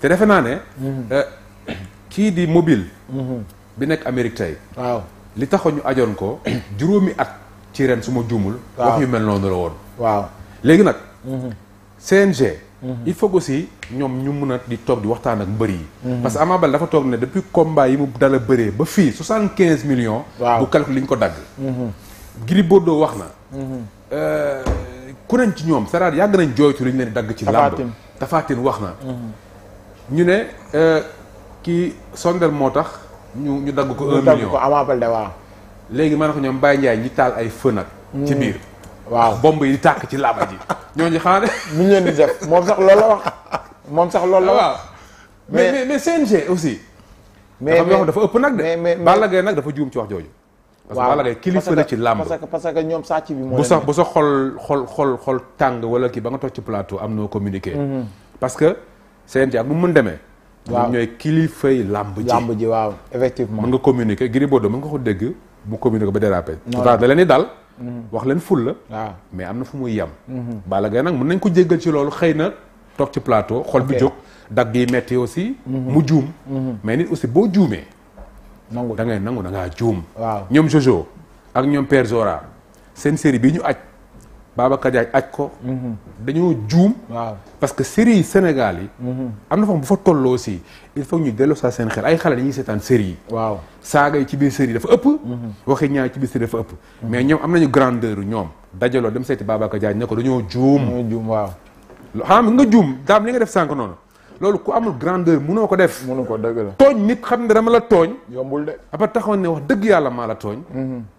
te defe naa ne. Mhm. Euh, kii di mobile. Mhm. bi nekk Amérique tey. waaw li taxoon ñu ajoon ko juróomi at ci ren su ma juumul. wax yu mel noonu la woon. waaw léegi nag. Mhm. CNG. il faut aussi ñoom ñu mun a di toog di waxtaan ak mbër yi. parce que Ama Baldé dafa toog ne depuis combat yi mu dala bëree ba fii soixante quinze millions. waaw bu calcul li ñu ko dagg. Gris Bordeaux wax na. Euh, ku nañ ci ñoom saraat yàgg nañ jooytu li ñu leen dagg. ci làmb Tapha wax na. ñu ne euh, kii sondel moo tax ñu ñu dagg ko. un ñu dagg ko Ama léegi ma ne ko ñoom Baye Ndiaye ñi taal ay feu nag. ci hmm. biir waaw bomb yi di tàkk ci làmba ji. ñooñu xanaa de. mu leen di moom sax loolu la wax moom sax loolu la ah, mais mais aussi. mais mais dafa ëpp nag de. mais mais Balla Gaye nag dafa juum ci wax jooju. parce que Balla Gaye kilifa la ci làmb. parce que ñoom sàcc bi bu sax bu sax xol xol xol xol tàng wala kii ba nga toog ci plateau am noo communiqué. Mm-hmm. parce CNG ak mu mën demee. waaw ñooy kilifay làmb ji làmb ji waaw effectivement. mën nga communiquer Gris Bordeaux mën nga ko dégg mu communiquer ba déraper. pourtant da leen di dal. Mhm. wax leen ful la. mais am na fu muy yem. Mhm. Balla Gaye nag mun nañ ko jéggal ci loolu xëy na toog ci plateau. xol bi jóg dagg yi metti aussi. Mhm. mu juum. mais nit aussi boo juumee. nangu da ngay nangu dangaa ngaa juum. waaw ñoom Jojo ak ñoom Père Zora seen série bi ñu aj Babacar Diagne aj ko. dañoo juum. waaw parce que série yi Sénégal yi. Mhm. am na fa bu fa tolloo aussi il faut ñu delloo saa seen xel ay xale dañuy seetaan série yi. waaw saaga yi ci biir série dafa ëpp. Mhm. waxi ñaar ci biir série dafa ëpp. Mhm. mais ñoom am nañu grandeur ñoom dajaloo dem seeti Babacar Diagne ne ko dañoo juum. dañoo juum waaw. xam nga juum daam li nga def sànq noonu. loolu ku amul grandeur munoo ko def. munoo ko dëgg la tooñ nit xam ne dama la tooñ. yombul de. après taxaw ne wax dëgg yàlla maa la tooñ.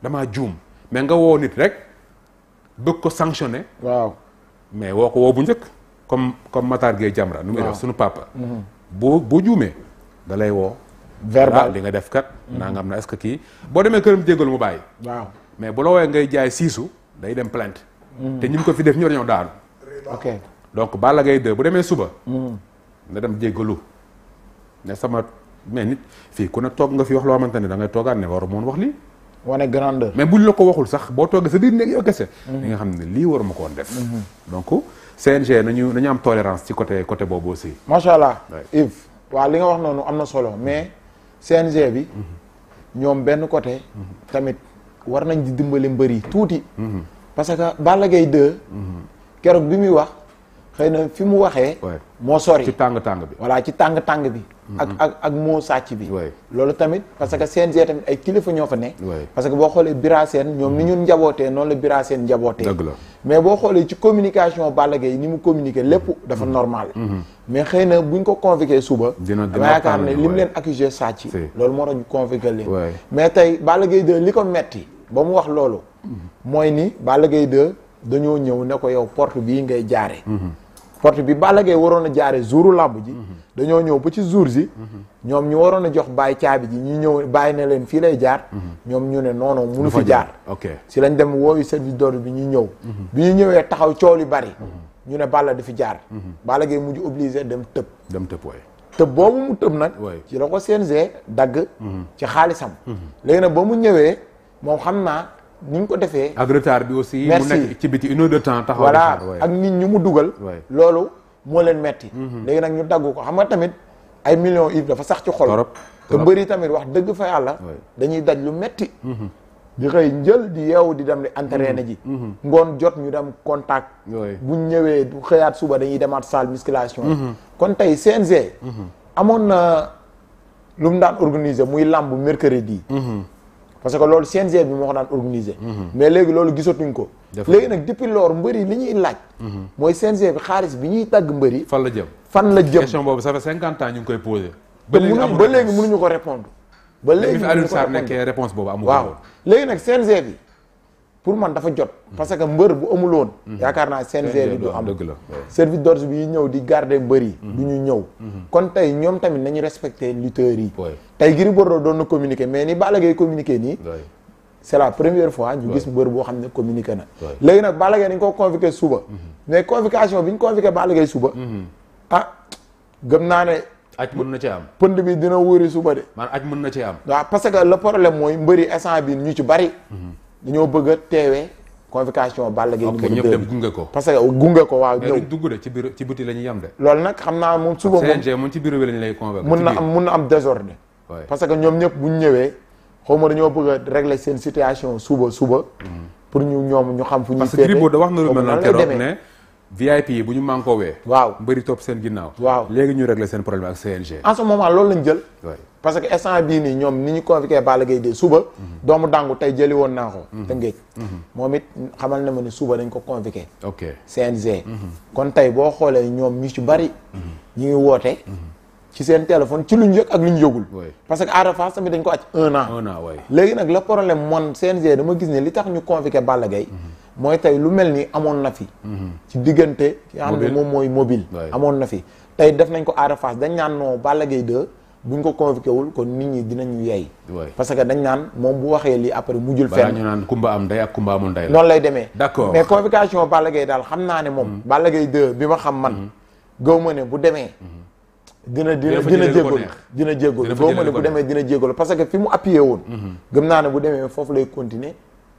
damaa juum mais nga woo nit rek. bëgg ko sanctionné. waaw mais woo ko wo bu njëkk comme comme Matar Gueye Jamra nu muy suñu papa. boo mhm. boo juumee da lay woo. verbal ah, li nga def kat. Mhm. naa na est-ce que kii boo demee këram jégalu mu bàyyi. waaw mais bu la wooyee ngay jaay siisu day dem plainte. Mhm. te ñun ko fi def ñoo dañoo daanu. ok donc Balla Gaye bu suba. na dem jégalu ne sama mais nit fii ku ne toog nga fi wax ne da ngay toogaat ne moon wax wane grandeur mais buñ la ko waxul sax boo toogee sa biir néeg yow kese li mhm. nga xam ne lii war ma ko woon def mhm. donc CNG nañu nañu am tolérance ci côté côté boobu aussi macha allah Yves li nga wax noonu am solo mais CNG bi mhm. ñoom benn côté tamit war nañ di dimbali mbër yi tuuti parce que Balla Gaye 2 keroog bi muy wax xëy na fi mu waxee. moo sori ci tàng tàng bi. voilà ci tàng tàng bi. Mm-hmm. ak ak ak moo sàcc bi. loolu tamit parce que CNG tamit ay kilifa ñoo fa ne. parce que boo xoolee Bira Sène ñoom ni mm-hmm. ñun njabootee noonu la Bira Sène njabootee. dëgg la mais boo xoolee ci communication Balla Gaye ni mu communiqué lépp mm-hmm. dafa normal. mais xëy na bu ñu ko convoqué suba. dina dama am ne li mu leen accusé sàcc. loolu moo tax ñu convoqué leen. mais tey Balla Gaye 2 li ko metti ba mu wax loolu. mooy ni bala Gaye 2 dañoo ñëw ne ko yow porte bii ngay jaaree. porte bi Balla Gaye waroon a jaare jouru làmb ji dañoo ñëw ba ci jour ji ñoom ñu waroon a jox bàyyi caabi ji ñu ñëw bàyyi ne leen fii lay jaar ñoom ñu ne noonon munu fi jaar ok si lañ dem wooyu service d'ordre bi ñu ñëw bi ñu ñëwee taxaw coow li bari ñu ne Balla di fi jaar Balla Gaye mujj obligé dem tëb dem tëb waay tëb boobu mu tëb nag ci la ko CNG dagg ci xaalisam mhm. léegi nag ba mu ñëwee moom xam naa ni ñu ko defee. ak bi aussi. mu nekk ci biti une heure de temps taxaw. voilà ak nit ñu mu dugal. loolu moo leen metti mhm. léegi nag ñu daggu ko xam nga tamit ay millions Yves dafa sax ci xol. te bëri tamit wax dëgg fa yàlla. dañuy daj lu metti mhm. di xëy njël di yeewu di dem di entraîné mhm. ji. ngoon jot ñu dem contact. bu ñëwee du xëyaat suba dañuy demaat salle musculation. kon tey CNG. amoon na lu mu daan organiser muy làmb mercredi. parce que loolu CNG bi moo ko daan organisé. Mhm. mais léegi loolu gisatuñ ko. léegi nag depuis loor mbëri li ñuy laaj. Mhm. mooy CNG bi xaalis bi ñuy tàgg mbëri. fan la jëm fan la jëm boobu ça fait cinquante ñu ngi koy posé. ba léegi ba léegi mënuñu ko répondre ba léegi Alioune Sarr nekkee réponse boobu amul waaw léegi nag CNG bi. pour man dafa jot. parce que mbër bu amul woon. Mhm. yaakaar naa CNG bi du am service d'ordre bi ñëw di garder mbër yi. ñu ñëw. Mhm. kon tey ñoom tamit nañu respecter lutteurs yi. tey Gris Bordeaux doon na communiquer mais ni Balla Gaye communiquer nii. c'est la première fois ñu gis mbër boo xam ne communiqué na léegi nag Balla Gaye dañ ko convoqué suba mhm. mais convocation bi ñu convoqué Balla Gaye suba ah gëm naa ne aj mën na ci am pënd bi dina wóori suba man aj mën na ci am waaw parce que le problème mooy mbëri instant bi ñu ci bari dañoo bëgg a teewee convocation Balla Gaye numéro 2 ñëpp gunge ko parce que gunge ko waaw ñëw dugg de ci biir ci biti la ñuy yem de loolu nag xam naa moom suba moom CNG moom ci biir bi lañu lay mun na am mun na am désordre parce que ñoom ñëpp buñ ñëwee xaw ma dañoo bëgg a régler seen situation suba suba mm-hmm. pour ñu ñoom ñu xam fu ñuy parce que Gris Bordeaux wax na lu mel noonu keroog ne VIP yi bu ñu mànkoowee waaw mbëri topp seen ginnaaw waaw léegi ñu régler seen problème ak CNG en ce moment loolu lañ jël parce que instant bii nii ñoom ni ñu convoqué Balla Gaye de suba. doomu dàngu tey jëli woon naa ko. Tëngéej. Mhm. Mhm. moom it xamal na ma ni suba dañ ko convoqué. ok CNG. Mhm. kon tey boo xoolee ñoom ñu ci bari. ñu ngi woote. ci seen téléphone ci lu ñu yëg ak lu ñu yëgul. parce que Ada Fass tamit dañ ko aj un an. léegi nag la problème moom CNG dama gis ne li tax ñu convoqué Balla Gaye. mooy tey lu mel ni amoon na fi. ci diggante. ki nga xam ne moom mooy mobile. amoon na fi tey def nañ ko Ada dañ ñaan Balla Gaye bu buñ ko convoqué wul kon nit ñi dinañu yey. parce que dañ naan moom bu waxee lii après mujjul fenn. balaa ñu naan kumba am ndey ak kumba amul ndey la. noonu lay demee. d'accord mais convocation Balla Gaye daal xam naa ne moom. Mm-hmm. Balla bi ma xam man. Mm-hmm. gaw ma ne bu demee. Mm-hmm. dina dina dina jégalu dina jégalu gaw ma ne bu demee dina jégalu parce que fi mu appuyé woon. gëm naa ne bu foofu lay continuer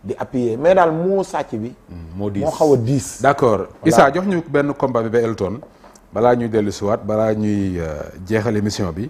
di appuyer mais daal moo sàcc bi. moo diis xaw a diis. d'accord Issa jox ñu benn combat bi ba Elton balaa ñuy dellu siwaat balaa ñuy euh, jeexal émission bi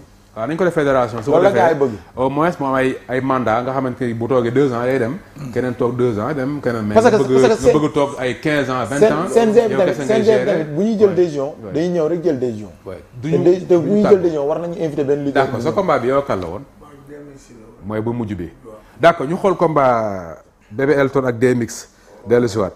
waa nañ ko def fédération. su ko defee au ay ay mandat nga xamante ni bu toogee deux ans day dem. keneen toog deux mais bëgg toog ay quinze ans vingt ans. seen seen tamit bu ñuy jël décision. dañuy ñëw rek jël décision. duñu te bu ñuy jël décision war nañu invité benn leader. d'accord sa combat bi yow kan la woon. mooy bu mujj bi. d'accord ñu xool combat Bébé Elton ak DMX dellu si waat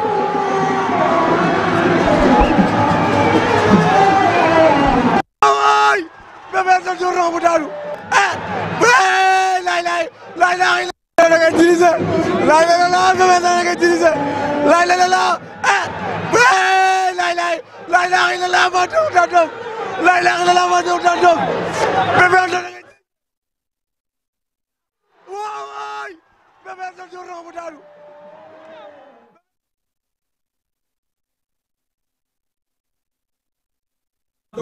bébé sa journée bu daanu ah laay laay laay laay laay da ngay dirigé laay laay laay bébé da ngay dirigé laay laay laay ah laay laay laay laay laay ma dóor daa doom laay laay laay ma dóor daa doom bébé da ngay waaw waay bébé sa journée bu daanu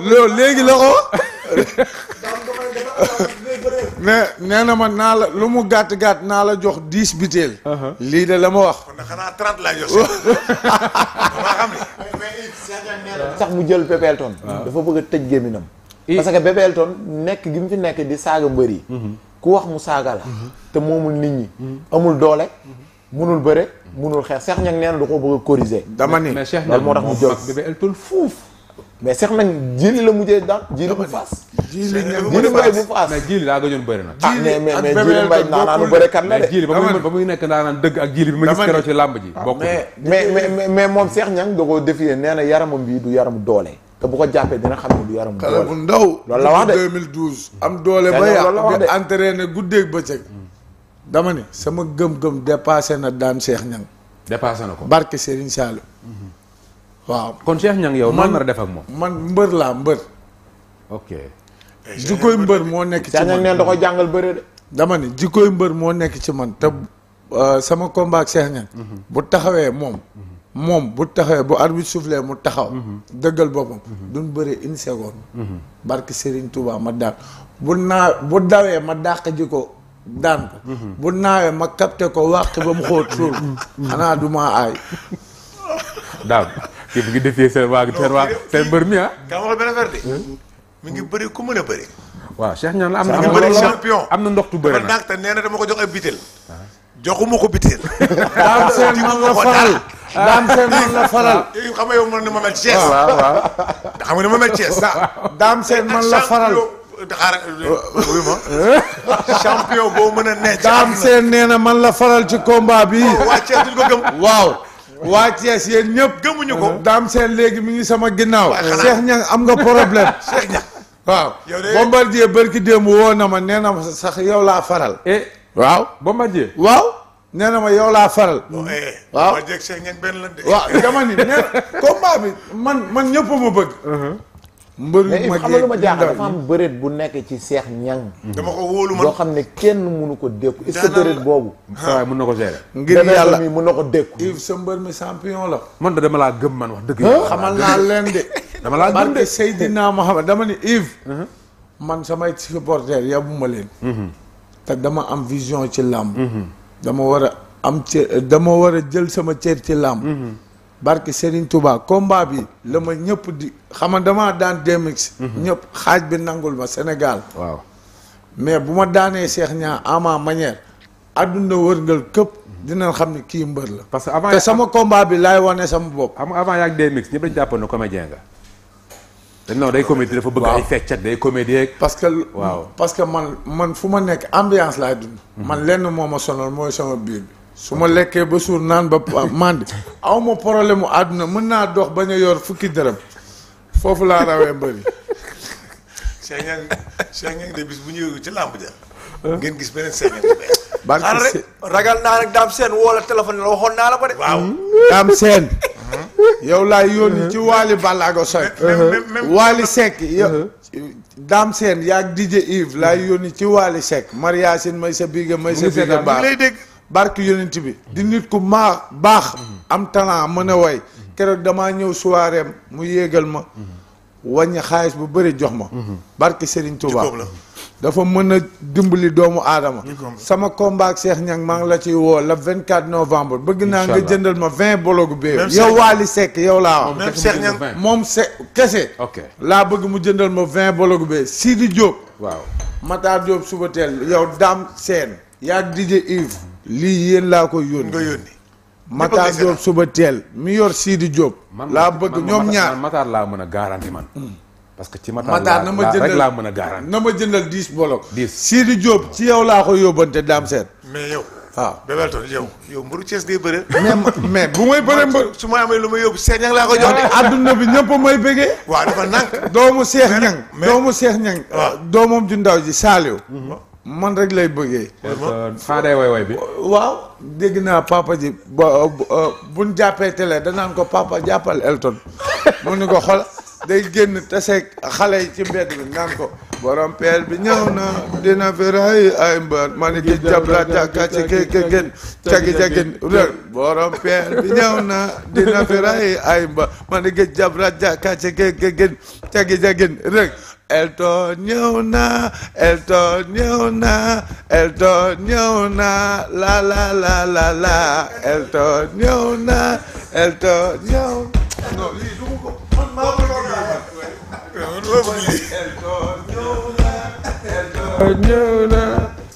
loolu léegi la ko mais nee na ma naa la lu mu gàtt gàtt naa la jox dix biteel. lii de la ma wax. xanaa trente laa jox sax mu jël Bébé dafa bëgg a tëj gémminam parce que Bébé nekk gi mu fi nekk di saaga mbër yi. Mhm. ku wax mu saaga la. Mhm. te moomul nit ñi. Mhm. amul doole. mënul bëre mënul xeex Cheikh Niang nee na da koo bëgg a corriger. dama ni mais Cheikh Niang moo tax mu jël fuuf. mais seex nag jiili la mujjee daan jiili bu faas. jiili daa gëjoon bari na. ah mais mais ah, mais jiili mbay naanaanu bërekat la de. ba muy ba muy nekk dëgg ak jiili bi ma gis keroog ci làmb ji. Ah, bokk mais mais mais moom seex ñang da koo défier nee na yaramam bii du yaramu doole. te bu ko jàppee dina xam ne du yaram doole xale bu ndaw. loolu la wax de 2012. am doole ba yàq di entraîné guddeeg bëccëg. Hmm. dama ne sama gëm-gëm dépassé na daan seex ñang dépassé na ko barke Serigne Saliou hmm. waaw kon Cheikh Niang yow. man nar a moom man mbër laa mbër. ok. Eh, jikkoy mbër moo nekk ci man Cheikh euh, Niang neen jàngal bëre de. jikkoy mbër moo nekk ci man sama combat ak Cheikh mhm. bu taxawee moom. Mhm. moom bu taxawee bu arbitre soufflé mu taxaw. Mhm. dëggal boppam. duñ bëree une seconde. barke Serigne Touba ma daan bu naa bu dawee ma dàq ji ko daan ko. bu naawee ma capté ko wàq ba mu xóot suul. xanaa du maa aay. daaw. yëpp ngi defee seen waa seen waa seen mbër mi ah. kaa ma benn affaire de. ngi bëri ku mën a bëri. waaw Cheikh Niang la am na. bëri champion am na ndoxtu bëri nee na ko jox ay bitel. ko bitel. daam seen man la faral daam seen man la faral. ma mel Thiès. waaw ma daam seen man la faral. Euh, a man la faral ci combat bi. waa Thiès duñ ko gëm waaw. waa Thiès yéen ñëpp. gëmuñu ko uh-huh. daam seen léegi mi ngi sama ginnaaw. Cheikh Niang am nga problème Cheikh Niang. waaw Bombardier bërki démb woo na ma nee na ma sax yow laa faral. Eh, waaw Bombardier waaw. nee na ma yow laa faral. Eh, waaw Bombardier ak Cheikh Niang benn la dama ni nee combat bi man man ñëpp ma bëgg. Uh-huh. mbër yu ma jeeg lu ma jaaxal dafa am bëreet bu nekk ci Cheikh Niang. dama ko wóolu man loo xam ne kenn mënu ko dékku. est-ce que boobu. waaw mën na ko gérer. ngir yàlla mën na ko dékku. Yves sa mbër mi sampion la. man de dama laa gëm man wax dëgg yàlla. xamal naa leen de. dama laa gëm de Seydina Mohamed dama ni Yves. man samay supporters yabuma leen. Mhm. te dama am vision ci làmb. Mhm. dama war a am ci dama war a jël sama cër ci làmb. Mhm. barke Serigne Touba combat bi la ma ñëpp di xama damaa daan demix mhm. ñëpp xaaj bi nangul ma Sénégal waaw mais bu ma daanee Cheikh Niang à ma manière adduna wërngal këpp dinañ xam ne kii mbër la parce que avant te sama combat bi laay wane sama bopp xam nga avant yaag demix ñëpp dañ jàppoon ne comédien nga non day comédie dafa bëgg ay feccat day comédie parce que waaw parce que man man fu ma nekk ambiance laay dund mhm. man lenn moo ma sonal mooy sama biir bi su ma lekkee ba suur naan ba màndi aw ma mu àdduna mën naa dox bañ a yor fukki dërëm foofu laa rawee mbëri Cheikh Niang Cheikh Niang de ci làmb ja ngeen gis beneen Cheikh ragal naa rek daam seen woo la téléphone la waxoon naa la hmm? hmm? yow laay yónni hmm? ci Waly Ballago Seck Waly Seck yow Dame Sène ci Waly Seck Maria may sa biige a sa baax barke yonent bi di nit ku ma bax am talent mané way keroog dama ñew soirée mu yégal ma wàññi xaliss bu bëri jox ma barke Serigne Touba dafa mëna a dimbali doomu aadama sama combat ak Cheikh ñang maa ngi la ci wo le 24 novembre bëgg na nga jëndal ma 20 bologu be yow wali Seck yow la wax même Cheikh mom c'est Seck kese la bëgg mu jëndal ma 20 bologu be Sidi Diop waaw Matar Diop suba yow Dame Sène yaa DJ Yves lii yéen laa koy yónni nga yónni Matar Diop suba teel mi yor Sidi Diop laa bëgg ñoom ñaar Matar laa mën a garanti man mm. parce que ci Matar na ma jëndal laa mën a garanti na ma jëndal dix bolok dix Sidi Diop ci yow laa koy yóbbante daam seet mais yow waaw Bébé Elton yow yow mbaru Thiès ngay bëre mais bu may bëre mba ma amee lu ma yóbbu Cheikh Niang laa ko jox de àdduna bi ñëpp may bëggee waa dafa nank doomu Cheikh Niang doomu Cheikh Niang doomam ju ndaw ji Saliou mm-hmm. man rek lay bëggee. faaday waaw dégg naa papa ji ba buñ jàppee télé danaan ko papa jàppal Elton mu ni ko xol day génn taseeg xale yi ci mbedd bi naan ko. borom peel bi ñëw na dina fi ray ay mbër ma ni ki jabla càkka ci keke gën cagi cagin rek borom peel bi ñëw na dina fi ray ay mbër ma ni ki jabla càkka ci keke gën cagi cagin rek El Toñona, El Toñona, El Toñona, la la la la la, El Toñona, El Toñona. No, El Toñona,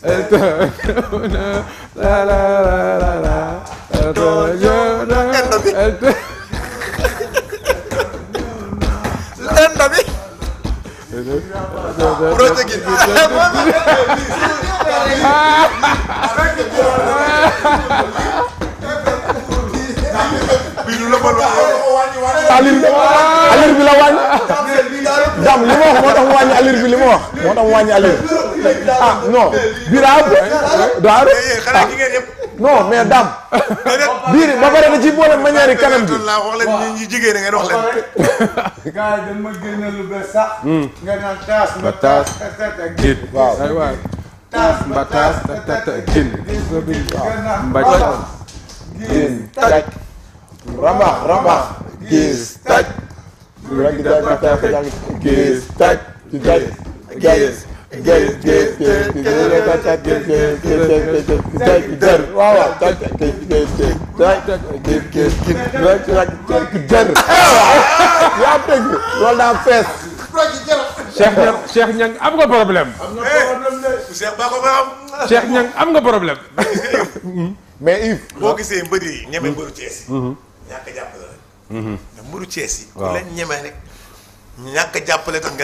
El Toñona, la la la la la, El Toñona, El Toñona. né? Proteguido. alir bi la wàññi dam li ma wax moo tax wàññi alir bi li ma wax moo tax wàññi alir ah non biraab daal ah non mais dam biir ba pare da ci boole manière yi kanam bi waaw wax leen ñi jigéen ngeen wax leen. gars yi dañ ma génne lu bees sax. Hmm. nga naan taas ba taas gin waaw waaw. taas ba taas gin waaw waaw. gin taj. ramax ramax. gis taj. gis taj. gis taj. gis taj. yaa dégg loolu daa fees Cheikh Niang Cheikh Niang am nga problème am nga problème de Cheikh ba ko ba am Cheikh Niang am nga problème mais Yves boo gisee mbër yi ñeme mbëru Thiès yi ñàkk jàppale rek mbëru Thiès yi ku leen ñeme rek ñàkk jàppale tax nga